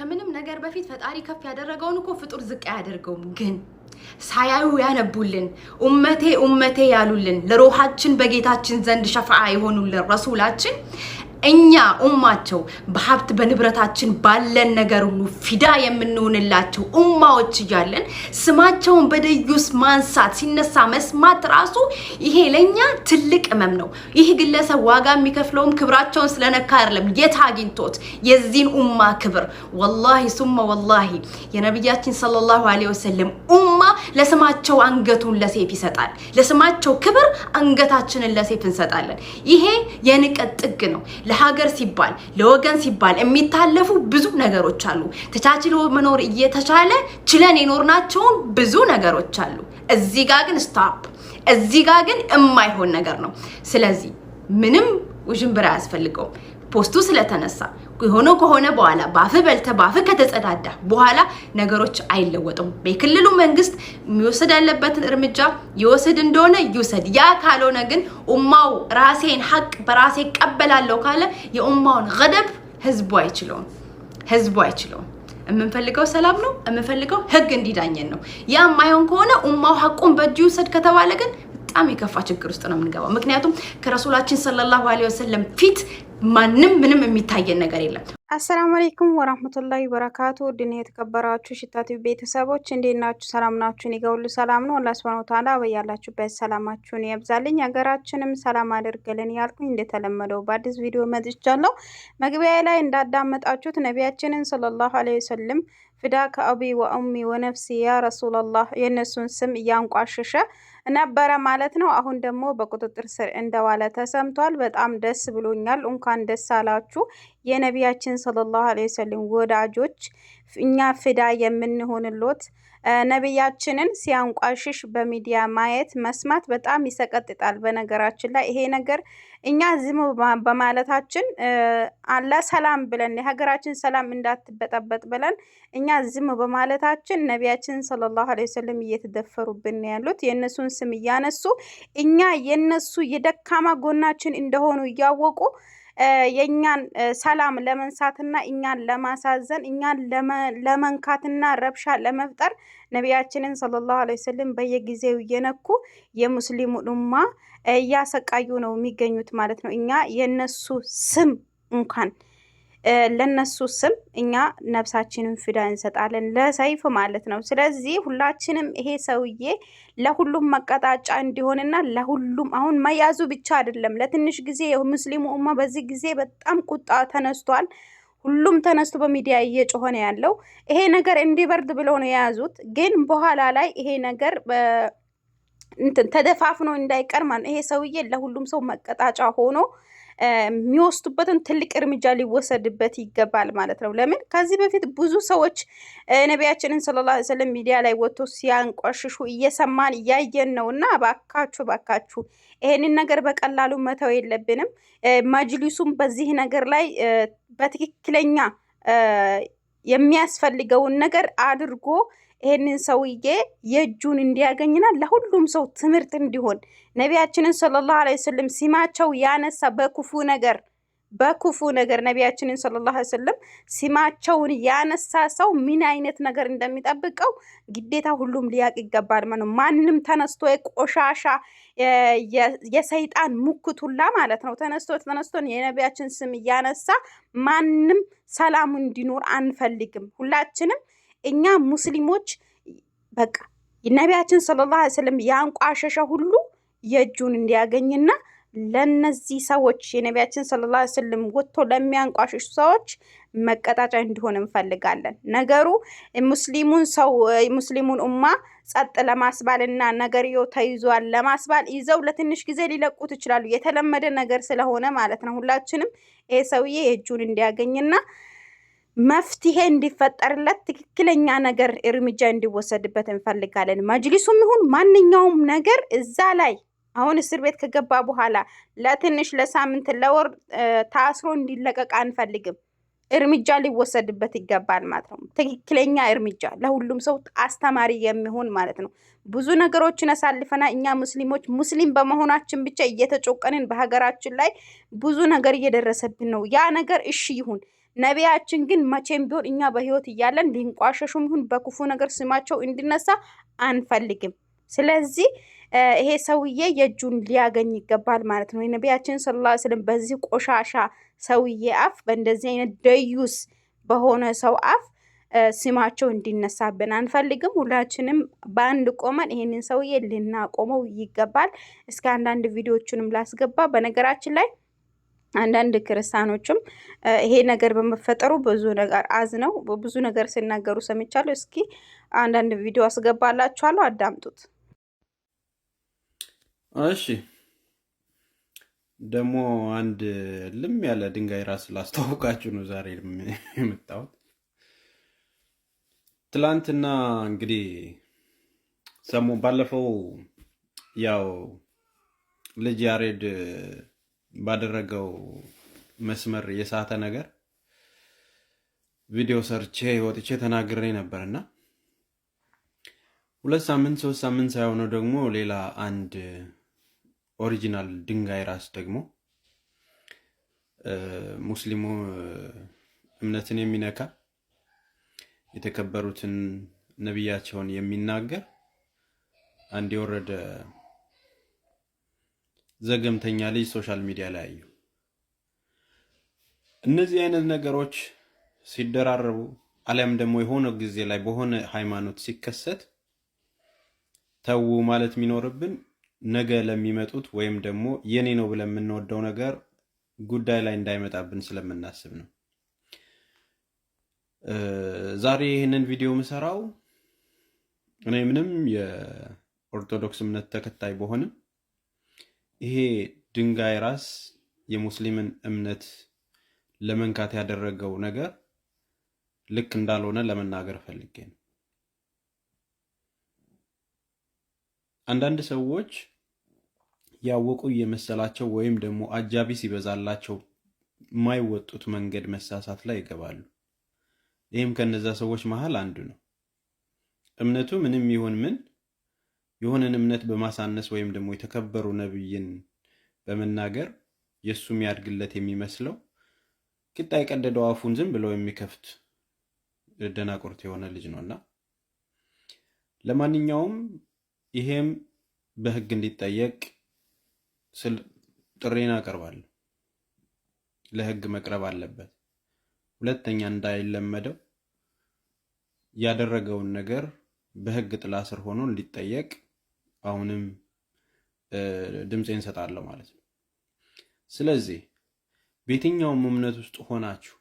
ከምንም ነገር በፊት ፈጣሪ ከፍ ያደረገውን እኮ ፍጡር ዝቅ አያደርገውም። ግን ሳያዩ ያነቡልን ኡመቴ ኡመቴ ያሉልን ለሮሃችን በጌታችን ዘንድ ሸፍዓ የሆኑልን ረሱላችን እኛ ኡማቸው በሀብት በንብረታችን ባለን ነገር ሁሉ ፊዳ የምንሆንላቸው ኡማዎች እያለን ስማቸውን በደዩስ ማንሳት ሲነሳ መስማት ራሱ ይሄ ለእኛ ትልቅ ህመም ነው። ይህ ግለሰብ ዋጋ የሚከፍለውም ክብራቸውን ስለነካ አይደለም። የት አግኝቶት የዚህን ኡማ ክብር? ወላሂ ሱመ ወላሂ የነቢያችን ሰለላሁ ዐለይሂ ወሰለም ኡማ ለስማቸው አንገቱን ለሴፍ ይሰጣል። ለስማቸው ክብር አንገታችንን ለሴፍ እንሰጣለን። ይሄ የንቀት ጥግ ነው። ለሀገር ሲባል ለወገን ሲባል የሚታለፉ ብዙ ነገሮች አሉ። ተቻችሎ መኖር እየተቻለ ችለን የኖርናቸውን ብዙ ነገሮች አሉ። እዚህ ጋር ግን ስታፕ፣ እዚህ ጋር ግን የማይሆን ነገር ነው። ስለዚህ ምንም ውዥንብር አያስፈልገውም። ፖስቱ ስለተነሳ የሆነ ከሆነ በኋላ በአፍህ በልተ በአፍህ ከተጸዳዳ በኋላ ነገሮች አይለወጡም። በክልሉ መንግስት የሚወሰድ ያለበትን እርምጃ ይወሰድ እንደሆነ ይውሰድ። ያ ካልሆነ ግን ኡማው ራሴን ሀቅ በራሴ ቀበላለሁ ካለ የኡማውን ገደብ ህዝቡ አይችለውም። ህዝቡ አይችለውም። የምንፈልገው ሰላም ነው። የምንፈልገው ህግ እንዲዳኘን ነው። ያ የማይሆን ከሆነ ኡማው ሀቁን በእጁ ይውሰድ ከተባለ ግን በጣም የከፋ ችግር ውስጥ ነው የምንገባው። ምክንያቱም ከረሱላችን ሰለላሁ አለይሂ ወሰለም ፊት ማንም ምንም የሚታየን ነገር የለም። አሰላሙ አለይኩም ወራህመቱላሂ ወበረካቱ ውድና የተከበራችሁ ሽታት ቤተሰቦች እንዴት ናችሁ? ሰላም ናችሁን? እኔ ሰላም ነው። አላህ ሱብሐነሁ ወተዓላ በያላችሁበት ሰላማችሁን ያብዛልኝ፣ ሀገራችንም ሰላም አድርግልን ያልኩኝ እንደተለመደው በአዲስ ቪዲዮ መጥቻለሁ። መግቢያ ላይ እንዳዳመጣችሁት ነቢያችንን ሰለላሁ ዐለይሂ ወሰለም ፊዳከ አቢ ወኡሚ ወነፍሲ ያ ረሱላላህ የእነሱን ስም እያንቋሸሸ ነበረ ማለት ነው። አሁን ደግሞ በቁጥጥር ስር እንደዋለ ተሰምቷል። በጣም ደስ ብሎኛል። እንኳን ደስ አላችሁ የነቢያችን ሰለላሁ ዐለይሂ ወሰለም ወዳጆች፣ እኛ ፍዳ የምንሆንሎት ነቢያችንን ሲያንቋሽሽ በሚዲያ ማየት መስማት በጣም ይሰቀጥጣል። በነገራችን ላይ ይሄ ነገር እኛ ዝም በማለታችን አላ ሰላም ብለን የሀገራችን ሰላም እንዳትበጠበጥ ብለን እኛ ዝም በማለታችን ነቢያችን ሰለላሁ ዐለይሂ ወሰለም እየተደፈሩብን ያሉት የእነሱን ስም እያነሱ እኛ የነሱ የደካማ ጎናችን እንደሆኑ እያወቁ የእኛን ሰላም ለመንሳትና እኛን ለማሳዘን እኛን ለመንካትና ረብሻ ለመፍጠር ነቢያችንን ሰለላሁ ዐለይሂ ወሰለም በየጊዜው እየነኩ የሙስሊሙን ኡማ እያሰቃዩ ነው የሚገኙት ማለት ነው። እኛ የነሱ ስም እንኳን ለነሱ ስም እኛ ነፍሳችንን ፍዳ እንሰጣለን፣ ለሰይፍ ማለት ነው። ስለዚህ ሁላችንም ይሄ ሰውዬ ለሁሉም መቀጣጫ እንዲሆንና ለሁሉም አሁን መያዙ ብቻ አይደለም። ለትንሽ ጊዜ የሙስሊሙ ኡማ በዚህ ጊዜ በጣም ቁጣ ተነስቷል። ሁሉም ተነስቶ በሚዲያ እየጮኸ ነው ያለው። ይሄ ነገር እንዲበርድ ብሎ ነው የያዙት። ግን በኋላ ላይ ይሄ ነገር እንትን ተደፋፍኖ እንዳይቀር ማለት ይሄ ሰውዬ ለሁሉም ሰው መቀጣጫ ሆኖ የሚወስዱበትን ትልቅ እርምጃ ሊወሰድበት ይገባል ማለት ነው። ለምን ከዚህ በፊት ብዙ ሰዎች ነቢያችንን ሰለላሁ ዐለይሂ ወሰለም ሚዲያ ላይ ወጥቶ ሲያንቋሽሹ እየሰማን እያየን ነው እና ባካችሁ ባካችሁ ይሄንን ነገር በቀላሉ መተው የለብንም። መጅሊሱም በዚህ ነገር ላይ በትክክለኛ የሚያስፈልገውን ነገር አድርጎ ይህንን ሰውዬ የእጁን እንዲያገኝና ለሁሉም ሰው ትምህርት እንዲሆን ነቢያችንን ሰለላሁ ዐለይሂ ወሰለም ሲማቸው ያነሳ በክፉ ነገር በክፉ ነገር ነቢያችንን ሰለላሁ ዐለይሂ ወሰለም ሲማቸውን ያነሳ ሰው ምን አይነት ነገር እንደሚጠብቀው ግዴታ ሁሉም ሊያቅ ይገባል ማለት ነው። ማንም ተነስቶ የቆሻሻ የሰይጣን ሙክት ሁላ ማለት ነው ተነስቶ ተነስቶን የነቢያችን ስም እያነሳ ማንም ሰላም እንዲኖር አንፈልግም ሁላችንም እኛ ሙስሊሞች በቃ ነቢያችን ሰለላሁ ዐለይሂ ወሰለም ያንቋሸሸ ሁሉ የእጁን እንዲያገኝና ለነዚህ ሰዎች የነቢያችን ሰለላሁ ዐለይሂ ወሰለም ወጥቶ ለሚያንቋሽሹ ሰዎች መቀጣጫ እንዲሆን እንፈልጋለን። ነገሩ ሙስሊሙን ሰው ሙስሊሙን ኡማ ጸጥ ለማስባልና ነገርየው ተይዟል ለማስባል ይዘው ለትንሽ ጊዜ ሊለቁት ይችላሉ። የተለመደ ነገር ስለሆነ ማለት ነው። ሁላችንም ይሄ ሰውዬ የእጁን እንዲያገኝና መፍትሄ እንዲፈጠርለት ትክክለኛ ነገር እርምጃ እንዲወሰድበት እንፈልጋለን። መጅሊሱም ይሁን ማንኛውም ነገር እዛ ላይ አሁን እስር ቤት ከገባ በኋላ ለትንሽ ለሳምንት፣ ለወር ታስሮ እንዲለቀቅ አንፈልግም። እርምጃ ሊወሰድበት ይገባል ማለት ነው። ትክክለኛ እርምጃ ለሁሉም ሰው አስተማሪ የሚሆን ማለት ነው። ብዙ ነገሮችን አሳልፈና እኛ ሙስሊሞች ሙስሊም በመሆናችን ብቻ እየተጮቀንን በሀገራችን ላይ ብዙ ነገር እየደረሰብን ነው። ያ ነገር እሺ ይሁን ነቢያችን ግን መቼም ቢሆን እኛ በህይወት እያለን ሊንቋሸሹም ይሁን በክፉ ነገር ስማቸው እንዲነሳ አንፈልግም። ስለዚህ ይሄ ሰውዬ የእጁን ሊያገኝ ይገባል ማለት ነው። የነቢያችን ሰለላሁ ዐለይሂ በዚህ ቆሻሻ ሰውዬ አፍ፣ በእንደዚህ አይነት ደዩስ በሆነ ሰው አፍ ስማቸው እንዲነሳብን አንፈልግም። ሁላችንም በአንድ ቆመን ይሄንን ሰውዬ ልናቆመው ይገባል። እስከ አንዳንድ ቪዲዮዎቹንም ላስገባ በነገራችን ላይ አንዳንድ ክርስቲያኖችም ይሄ ነገር በመፈጠሩ ብዙ ነገር አዝነው ብዙ ነገር ሲናገሩ ሰምቻለሁ። እስኪ አንዳንድ ቪዲዮ አስገባላችኋለሁ፣ አዳምጡት። እሺ ደግሞ አንድ ልም ያለ ድንጋይ ራስ ላስተዋውቃችሁ ነው ዛሬ የመጣሁት። ትላንትና እንግዲህ ሰሞን ባለፈው ያው ልጅ ያሬድ ባደረገው መስመር የሳተ ነገር ቪዲዮ ሰርቼ ወጥቼ ተናግሬ ነበር እና ሁለት ሳምንት ሶስት ሳምንት ሳይሆነው ደግሞ ሌላ አንድ ኦሪጂናል ድንጋይ ራስ ደግሞ ሙስሊሙ እምነትን የሚነካ የተከበሩትን ነቢያቸውን የሚናገር አንድ የወረደ ዘገምተኛ ልጅ ሶሻል ሚዲያ ላይ አዩ። እነዚህ አይነት ነገሮች ሲደራረቡ አሊያም ደግሞ የሆነ ጊዜ ላይ በሆነ ሃይማኖት ሲከሰት ተዉ ማለት የሚኖርብን ነገ ለሚመጡት ወይም ደግሞ የኔ ነው ብለን የምንወደው ነገር ጉዳይ ላይ እንዳይመጣብን ስለምናስብ ነው። ዛሬ ይህንን ቪዲዮ ምሰራው እኔ ምንም የኦርቶዶክስ እምነት ተከታይ በሆንም ይሄ ድንጋይ ራስ የሙስሊምን እምነት ለመንካት ያደረገው ነገር ልክ እንዳልሆነ ለመናገር ፈልጌ ነው። አንዳንድ ሰዎች ያወቁ እየመሰላቸው ወይም ደግሞ አጃቢ ሲበዛላቸው የማይወጡት መንገድ መሳሳት ላይ ይገባሉ። ይህም ከነዛ ሰዎች መሀል አንዱ ነው። እምነቱ ምንም ይሁን ምን የሆነን እምነት በማሳነስ ወይም ደግሞ የተከበሩ ነብይን በመናገር የእሱ የሚያድግለት የሚመስለው ቂጣ የቀደደው አፉን ዝም ብለው የሚከፍት ደናቁርት የሆነ ልጅ ነው እና ለማንኛውም ይሄም በህግ እንዲጠየቅ ስል ጥሬን አቀርባለሁ። ለህግ መቅረብ አለበት። ሁለተኛ እንዳይለመደው ያደረገውን ነገር በህግ ጥላ ስር ሆኖ እንዲጠየቅ አሁንም ድምፄን እሰጣለሁ ማለት ነው። ስለዚህ በየትኛውም እምነት ውስጥ ሆናችሁ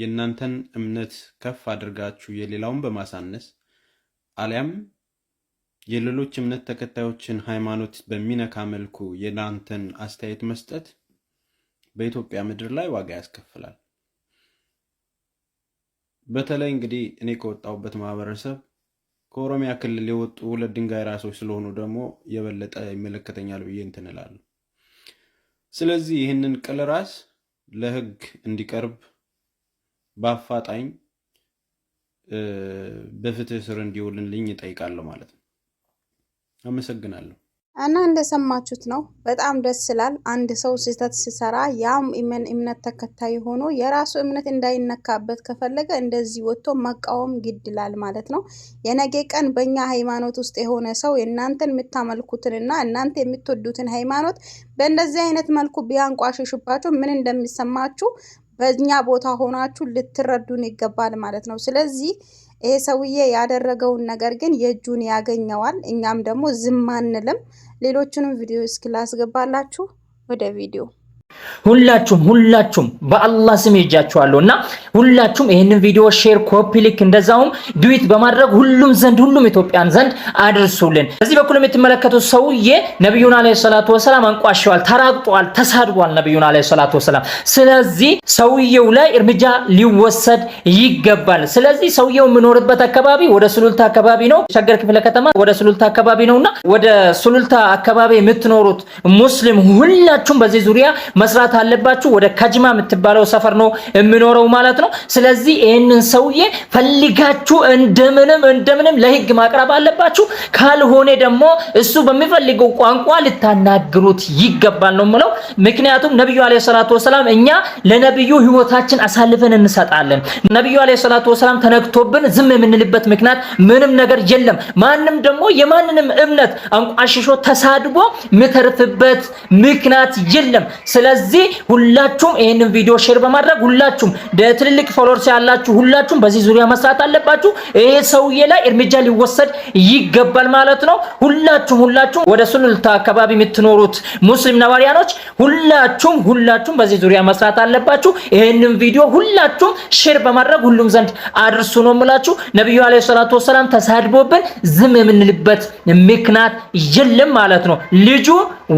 የእናንተን እምነት ከፍ አድርጋችሁ የሌላውን በማሳነስ አሊያም የሌሎች እምነት ተከታዮችን ሃይማኖት በሚነካ መልኩ የናንተን አስተያየት መስጠት በኢትዮጵያ ምድር ላይ ዋጋ ያስከፍላል። በተለይ እንግዲህ እኔ ከወጣሁበት ማህበረሰብ ከኦሮሚያ ክልል የወጡ ሁለት ድንጋይ ራሶች ስለሆኑ ደግሞ የበለጠ ይመለከተኛል ብዬ እንትን እላለሁ። ስለዚህ ይህንን ቅል ራስ ለህግ እንዲቀርብ በአፋጣኝ በፍትህ ስር ልኝ ይጠይቃለሁ ማለት ነው። አመሰግናለሁ። እና እንደሰማችሁት ነው። በጣም ደስ ይላል። አንድ ሰው ስህተት ሲሰራ ያም እምነት ተከታይ ሆኖ የራሱ እምነት እንዳይነካበት ከፈለገ እንደዚህ ወጥቶ መቃወም ግድ ይላል ማለት ነው። የነገ ቀን በእኛ ሃይማኖት ውስጥ የሆነ ሰው የእናንተን የምታመልኩትንና እናንተ የምትወዱትን ሃይማኖት በእንደዚህ አይነት መልኩ ቢያንቋሽሽባችሁ ምን እንደሚሰማችሁ በእኛ ቦታ ሆናችሁ ልትረዱን ይገባል ማለት ነው። ስለዚህ ይሄ ሰውዬ ያደረገውን ነገር ግን የእጁን ያገኘዋል። እኛም ደግሞ ዝም አንልም። ሌሎችንም ቪዲዮ እስኪ ላስገባላችሁ ወደ ቪዲዮ ሁላችሁም ሁላችሁም በአላህ ስም ይጃችኋለሁ እና ሁላችሁም ይህንን ቪዲዮ ሼር፣ ኮፒ ሊክ፣ እንደዛውም ድዊት በማድረግ ሁሉም ዘንድ ሁሉም ኢትዮጵያን ዘንድ አድርሱልን። በዚህ በኩል የምትመለከቱት ሰውዬ ነቢዩን አለይሂ ሰላቱ ወሰላም አንቋሸዋል፣ ተራግጧል፣ ተሳድቧል ነቢዩን አለይሂ ሰላቱ ወሰላም። ስለዚህ ሰውየው ላይ እርምጃ ሊወሰድ ይገባል። ስለዚህ ሰውየው የምኖርበት አካባቢ ወደ ሱሉልታ አካባቢ ነው፣ ሸገር ክፍለ ከተማ ወደ ሱሉልታ አካባቢ ነውና ወደ ሱሉልታ አካባቢ የምትኖሩት ሙስሊም ሁላችሁም በዚህ ዙሪያ መስራት አለባችሁ። ወደ ከጅማ የምትባለው ሰፈር ነው የምኖረው ማለት ነው። ስለዚህ ይህንን ሰውዬ ፈልጋችሁ እንደምንም እንደምንም ለህግ ማቅረብ አለባችሁ። ካልሆነ ደግሞ እሱ በሚፈልገው ቋንቋ ልታናግሩት ይገባል ነው የምለው። ምክንያቱም ነብዩ አለይሂ ሰላቱ ወሰላም እኛ ለነብዩ ህይወታችን አሳልፈን እንሰጣለን። ነብዩ አለይሂ ሰላቱ ወሰላም ተነግቶብን ዝም የምንልበት ምክንያት ምንም ነገር የለም። ማንም ደግሞ የማንንም እምነት አንቋሽሾ ተሳድቦ ምተርፍበት ምክንያት የለም። ስለዚህ ሁላችሁም ይህንን ቪዲዮ ሼር በማድረግ ሁላችሁም ትልልቅ ፎሎወርስ ያላችሁ ሁላችሁም በዚህ ዙሪያ መስራት አለባችሁ። ይሄ ሰውዬ ላይ እርምጃ ሊወሰድ ይገባል ማለት ነው። ሁላችሁም ሁላችሁም ወደ ሱሉልታ አካባቢ የምትኖሩት ሙስሊም ነዋሪያኖች ሁላችሁም ሁላችሁም በዚህ ዙሪያ መስራት አለባችሁ። ይህንን ቪዲዮ ሁላችሁም ሼር በማድረግ ሁሉም ዘንድ አድርሱ ነው የምላችሁ። ነብዩ አለይሂ ሰላቱ ወሰላም ተሳድቦብን ዝም የምንልበት ምክንያት የለም ማለት ነው ልጁ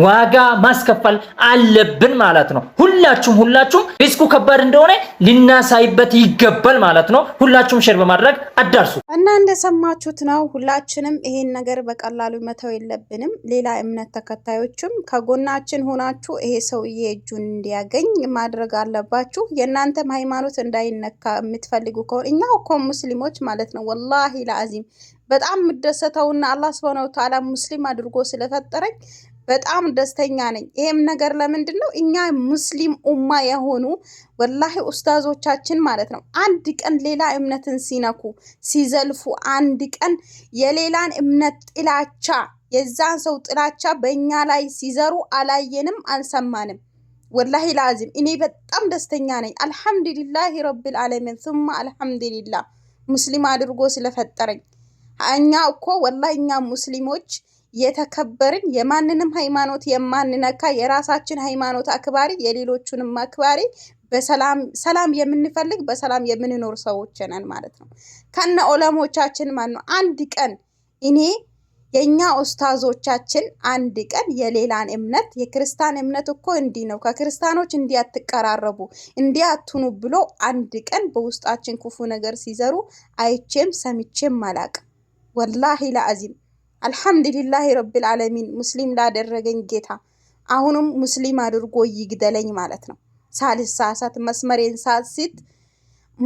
ዋጋ ማስከፈል አለብን ማለት ነው። ሁላችሁም ሁላችሁም ሪስኩ ከባድ እንደሆነ ልናሳይበት ይገባል ማለት ነው። ሁላችሁም ሼር በማድረግ አዳርሱ እና እንደሰማችሁት ነው። ሁላችንም ይሄን ነገር በቀላሉ መተው የለብንም። ሌላ እምነት ተከታዮችም ከጎናችን ሆናችሁ ይሄ ሰውዬ እጁን እንዲያገኝ ማድረግ አለባችሁ። የእናንተም ሃይማኖት እንዳይነካ የምትፈልጉ ከሆነ እኛ እኮ ሙስሊሞች ማለት ነው ወላሂ ለአዚም በጣም የምደሰተውና አላህ ስብሃነ ወተዓላ ሙስሊም አድርጎ ስለፈጠረኝ በጣም ደስተኛ ነኝ። ይሄም ነገር ለምንድን ነው እኛ ሙስሊም ኡማ የሆኑ ወላሂ ኡስታዞቻችን ማለት ነው አንድ ቀን ሌላ እምነትን ሲነኩ ሲዘልፉ፣ አንድ ቀን የሌላን እምነት ጥላቻ የዛን ሰው ጥላቻ በእኛ ላይ ሲዘሩ አላየንም፣ አልሰማንም። ወላሂ ላዚም እኔ በጣም ደስተኛ ነኝ። አልሐምዱሊላህ ረብል ዓለሚን ሱማ አልሐምዱሊላህ ሙስሊም አድርጎ ስለፈጠረኝ እኛ እኮ ወላሂ እኛ ሙስሊሞች የተከበርን የማንንም ሃይማኖት የማንነካ የራሳችን ሃይማኖት አክባሪ የሌሎቹንም አክባሪ በሰላም ሰላም የምንፈልግ በሰላም የምንኖር ሰዎች ነን ማለት ነው። ከነ ኦለሞቻችን ማን ነው አንድ ቀን እኔ የኛ ኡስታዞቻችን አንድ ቀን የሌላን እምነት የክርስቲያን እምነት እኮ እንዲህ ነው፣ ከክርስቲያኖች እንዲህ አትቀራረቡ፣ እንዲህ አትኑ ብሎ አንድ ቀን በውስጣችን ክፉ ነገር ሲዘሩ አይቼም ሰምቼም አላቅም። ወላሂ ለአዚም አልሐምዱሊላህ ረብል ዓለሚን ሙስሊም ላደረገኝ ጌታ አሁንም ሙስሊም አድርጎ ይግደለኝ ማለት ነው። ሳልሳሳት መስመሬን ሳስት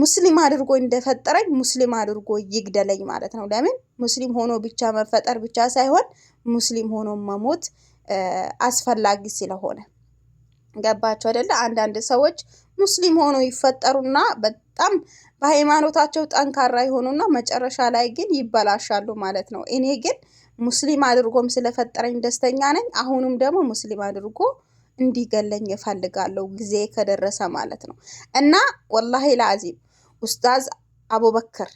ሙስሊም አድርጎ እንደፈጠረኝ ሙስሊም አድርጎ ይግደለኝ ማለት ነው። ለምን ሙስሊም ሆኖ ብቻ መፈጠር ብቻ ሳይሆን ሙስሊም ሆኖ መሞት አስፈላጊ ስለሆነ ገባቸው አይደለ? አንዳንድ ሰዎች ሙስሊም ሆኖ ይፈጠሩና በጣም በሃይማኖታቸው ጠንካራ የሆኑና መጨረሻ ላይ ግን ይበላሻሉ ማለት ነው። እኔ ግን ሙስሊም አድርጎም ስለፈጠረኝ ደስተኛ ነኝ። አሁንም ደግሞ ሙስሊም አድርጎ እንዲገለኝ እፈልጋለሁ ጊዜ ከደረሰ ማለት ነው። እና ወላሂ ለአዚም ኡስታዝ አቡበክር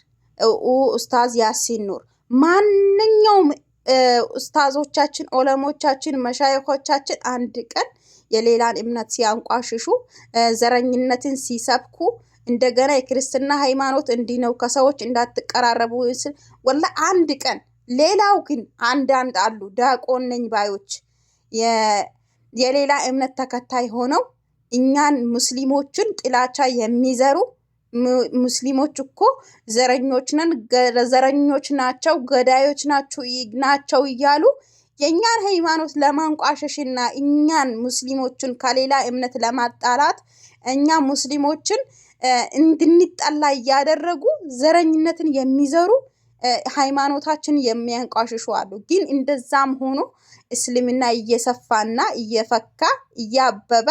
ኡስታዝ ያሲን ኑር፣ ማንኛውም ኡስታዞቻችን፣ ኦለሞቻችን፣ መሻይኮቻችን አንድ ቀን የሌላን እምነት ሲያንቋሽሹ ዘረኝነትን ሲሰብኩ እንደገና የክርስትና ሃይማኖት እንዲህ ነው ከሰዎች እንዳትቀራረቡ ስል ወላ አንድ ቀን ሌላው ግን አንዳንድ አሉ ዲያቆን ነኝ ባዮች የሌላ እምነት ተከታይ ሆነው እኛን ሙስሊሞችን ጥላቻ የሚዘሩ ሙስሊሞች እኮ ዘረኞች ነን፣ ዘረኞች ናቸው፣ ገዳዮች ናቸው እያሉ የእኛን ሃይማኖት ለማንቋሸሽና እኛን ሙስሊሞችን ከሌላ እምነት ለማጣላት እኛ ሙስሊሞችን እንድንጠላ እያደረጉ ዘረኝነትን የሚዘሩ ሃይማኖታችን የሚያንቋሽሹ አሉ። ግን እንደዛም ሆኖ እስልምና እየሰፋና እየፈካ እያበበ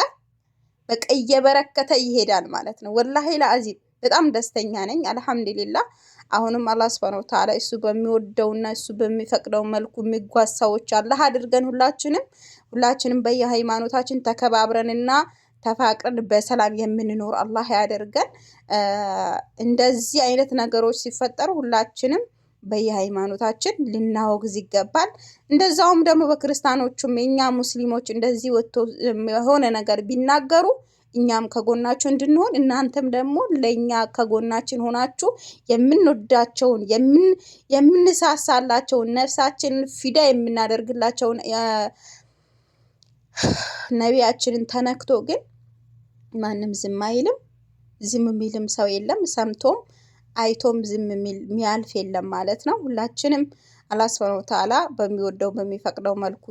በቃ እየበረከተ ይሄዳል ማለት ነው። ወላሂ ለአዚም በጣም ደስተኛ ነኝ። አልሐምዱሊላ አሁንም አላህ ስብሐነ ወተዓላ እሱ በሚወደውና እሱ በሚፈቅደው መልኩ የሚጓዝ ሰዎች አላህ አድርገን ሁላችንም ሁላችንም በየሃይማኖታችን ተከባብረንና ተፋቅረን በሰላም የምንኖር አላህ ያደርገን። እንደዚህ አይነት ነገሮች ሲፈጠሩ ሁላችንም በየሃይማኖታችን ልናወግዝ ይገባል። እንደዛውም ደግሞ በክርስቲያኖቹም እኛ ሙስሊሞች እንደዚህ ወጥቶ የሆነ ነገር ቢናገሩ እኛም ከጎናችሁ እንድንሆን እናንተም ደግሞ ለእኛ ከጎናችን ሆናችሁ የምንወዳቸውን የምንሳሳላቸውን ነፍሳችንን ፊዳ የምናደርግላቸውን ነቢያችንን ተነክቶ ግን ማንም ዝም አይልም። ዝም የሚልም ሰው የለም። ሰምቶም አይቶም ዝም የሚል የሚያልፍ የለም ማለት ነው። ሁላችንም አላህ ሱብሐነሁ ወተዓላ በሚወደው በሚፈቅደው መልኩ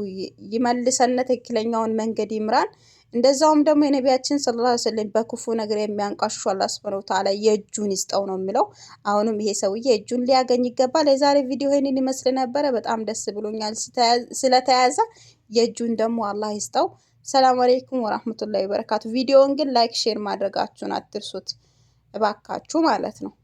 ይመልሰን፣ ትክክለኛውን መንገድ ይምራን። እንደዛውም ደግሞ የነቢያችን ሰለላሁ ዐለይሂ ወሰለም በክፉ ነገር የሚያንቋሽሹ አላህ ሱብሐነሁ ወተዓላ የእጁን ይስጠው ነው የሚለው። አሁንም ይሄ ሰውዬ እጁን ሊያገኝ ይገባል። የዛሬ ቪዲዮ ይህንን ይመስል ነበረ። በጣም ደስ ብሎኛል ስለተያዘ። የእጁን ደግሞ አላህ ይስጠው። ሰላም አለይኩም ወራህመቱላሂ ወበረካቱ። ቪዲዮውን ግን ላይክ፣ ሼር ማድረጋችሁን አትርሱት እባካችሁ ማለት ነው።